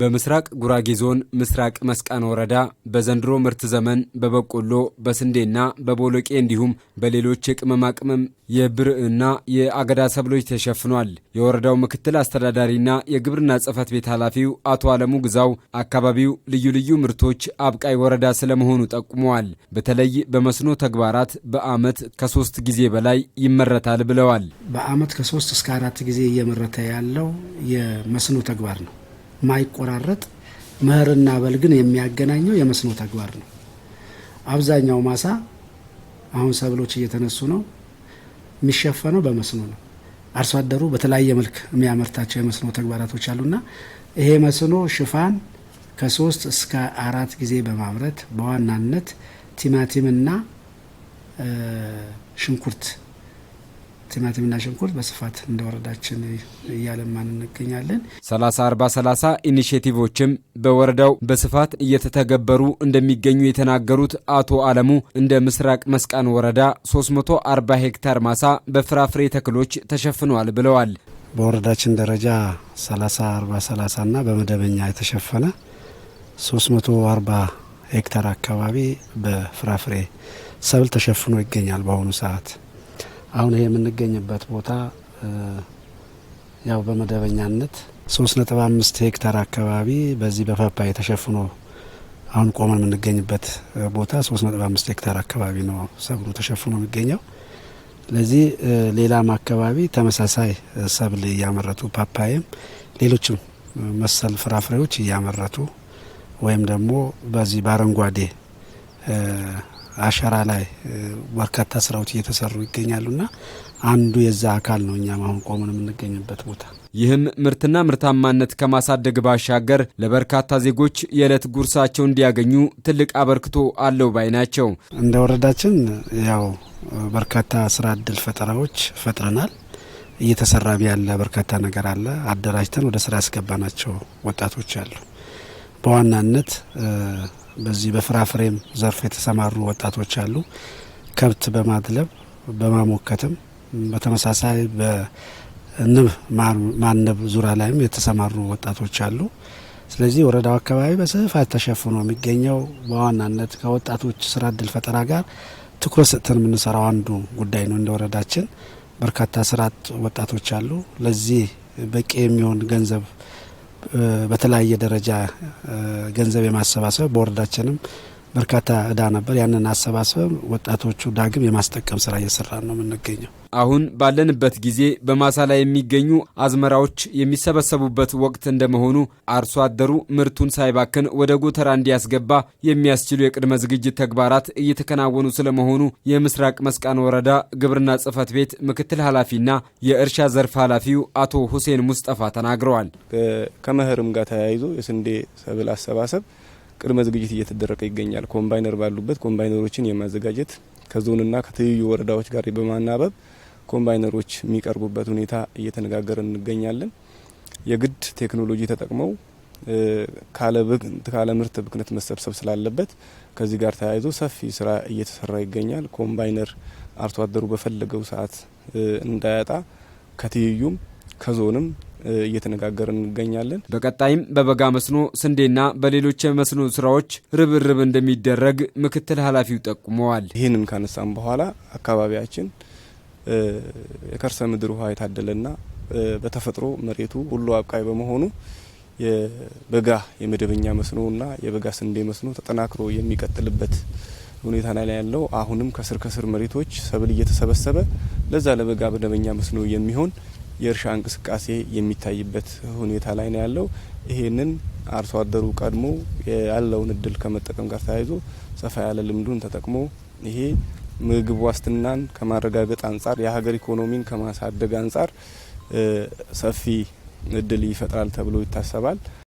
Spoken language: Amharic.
በምስራቅ ጉራጌ ዞን ምስራቅ መስቃን ወረዳ በዘንድሮ ምርት ዘመን በበቆሎ በስንዴና በቦሎቄ እንዲሁም በሌሎች የቅመማ ቅመም የብርዕና የአገዳ ሰብሎች ተሸፍኗል። የወረዳው ምክትል አስተዳዳሪና የግብርና ጽሕፈት ቤት ኃላፊው አቶ አለሙ ግዛው አካባቢው ልዩ ልዩ ምርቶች አብቃይ ወረዳ ስለመሆኑ ጠቁመዋል። በተለይ በመስኖ ተግባራት በዓመት ከሶስት ጊዜ በላይ ይመረታል ብለዋል። በአመት ከሶስት እስከ አራት ጊዜ እየመረተ ያለው የመስኖ ተግባር ነው። ማይቆራረጥ መኸርና በልግን የሚያገናኘው የመስኖ ተግባር ነው። አብዛኛው ማሳ አሁን ሰብሎች እየተነሱ ነው፣ የሚሸፈነው በመስኖ ነው። አርሶ አደሩ በተለያየ መልክ የሚያመርታቸው የመስኖ ተግባራቶች አሉና ይሄ መስኖ ሽፋን ከሶስት እስከ አራት ጊዜ በማምረት በዋናነት ቲማቲምና ሽንኩርት ቲማቲምና ሽንኩርት በስፋት እንደ ወረዳችን እያለማን እንገኛለን። 30 40 30 ኢኒሽቲቮችም በወረዳው በስፋት እየተተገበሩ እንደሚገኙ የተናገሩት አቶ አለሙ እንደ ምስራቅ መስቃን ወረዳ 340 ሄክታር ማሳ በፍራፍሬ ተክሎች ተሸፍኗል ብለዋል። በወረዳችን ደረጃ 30 40 30 እና በመደበኛ የተሸፈነ 340 ሄክታር አካባቢ በፍራፍሬ ሰብል ተሸፍኖ ይገኛል በአሁኑ ሰዓት። አሁን ይሄ የምንገኝበት ቦታ ያው በመደበኛነት ሶስት ነጥብ አምስት ሄክታር አካባቢ በዚህ በፓፓዬ ተሸፍኖ አሁን ቆመን የምንገኝበት ቦታ ሶስት ነጥብ አምስት ሄክታር አካባቢ ነው ሰብሉ ተሸፍኖ የሚገኘው። ለዚህ ሌላም አካባቢ ተመሳሳይ ሰብል እያመረቱ ፓፓየም ሌሎችም መሰል ፍራፍሬዎች እያመረቱ ወይም ደግሞ በዚህ በአረንጓዴ አሸራ ላይ በርካታ ስራዎች እየተሰሩ ይገኛሉና አንዱ የዛ አካል ነው እኛም አሁን ቆመን የምንገኝበት ቦታ። ይህም ምርትና ምርታማነት ከማሳደግ ባሻገር ለበርካታ ዜጎች የዕለት ጉርሳቸው እንዲያገኙ ትልቅ አበርክቶ አለው ባይ ናቸው። እንደ ወረዳችን ያው በርካታ ስራ እድል ፈጠራዎች ፈጥረናል። እየተሰራም ያለ በርካታ ነገር አለ። አደራጅተን ወደ ስራ ያስገባ ናቸው ወጣቶች አሉ በዋናነት በዚህ በፍራፍሬም ዘርፍ የተሰማሩ ወጣቶች አሉ። ከብት በማድለብ በማሞከትም በተመሳሳይ በንብ ማነብ ዙሪያ ላይም የተሰማሩ ወጣቶች አሉ። ስለዚህ ወረዳው አካባቢ በስፋት ተሸፍኖ የሚገኘው በዋናነት ከወጣቶች ስራ እድል ፈጠራ ጋር ትኩረት ሰጥተን የምንሰራው አንዱ ጉዳይ ነው። እንደ ወረዳችን በርካታ ስራ አጥ ወጣቶች አሉ። ለዚህ በቂ የሚሆን ገንዘብ በተለያየ ደረጃ ገንዘብ የማሰባሰብ በወረዳችንም በርካታ እዳ ነበር። ያንን አሰባስበን ወጣቶቹ ዳግም የማስጠቀም ስራ እየሰራን ነው የምንገኘው። አሁን ባለንበት ጊዜ በማሳ ላይ የሚገኙ አዝመራዎች የሚሰበሰቡበት ወቅት እንደመሆኑ አርሶ አደሩ ምርቱን ሳይባክን ወደ ጎተራ እንዲያስገባ የሚያስችሉ የቅድመ ዝግጅት ተግባራት እየተከናወኑ ስለመሆኑ የምስራቅ መስቃን ወረዳ ግብርና ጽሕፈት ቤት ምክትል ኃላፊና የእርሻ ዘርፍ ኃላፊው አቶ ሁሴን ሙስጠፋ ተናግረዋል። ከመኸርም ጋር ተያይዞ የስንዴ ሰብል አሰባሰብ ቅድመ ዝግጅት እየተደረገ ይገኛል። ኮምባይነር ባሉበት ኮምባይነሮችን የማዘጋጀት ከዞንና ከትይዩ ወረዳዎች ጋር በማናበብ ኮምባይነሮች የሚቀርቡበት ሁኔታ እየተነጋገረ እንገኛለን። የግድ ቴክኖሎጂ ተጠቅመው ካለ ምርት ብክነት መሰብሰብ ስላለበት ከዚህ ጋር ተያይዞ ሰፊ ስራ እየተሰራ ይገኛል። ኮምባይነር አርሶ አደሩ በፈለገው ሰዓት እንዳያጣ ከትይዩም ከዞንም እየተነጋገርን እንገኛለን። በቀጣይም በበጋ መስኖ ስንዴና በሌሎች የመስኖ ስራዎች ርብርብ እንደሚደረግ ምክትል ኃላፊው ጠቁመዋል። ይህንን ካነሳም በኋላ አካባቢያችን የከርሰ ምድር ውሃ የታደለና በተፈጥሮ መሬቱ ሁሉ አብቃይ በመሆኑ የበጋ የመደበኛ መስኖና የበጋ ስንዴ መስኖ ተጠናክሮ የሚቀጥልበት ሁኔታ ላይ ያለው አሁንም ከስር ከስር መሬቶች ሰብል እየተሰበሰበ ለዛ ለበጋ መደበኛ መስኖ የሚሆን የእርሻ እንቅስቃሴ የሚታይበት ሁኔታ ላይ ነው ያለው። ይሄንን አርሶ አደሩ ቀድሞ ያለውን እድል ከመጠቀም ጋር ተያይዞ ሰፋ ያለ ልምዱን ተጠቅሞ ይሄ ምግብ ዋስትናን ከማረጋገጥ አንጻር የሀገር ኢኮኖሚን ከማሳደግ አንጻር ሰፊ እድል ይፈጥራል ተብሎ ይታሰባል።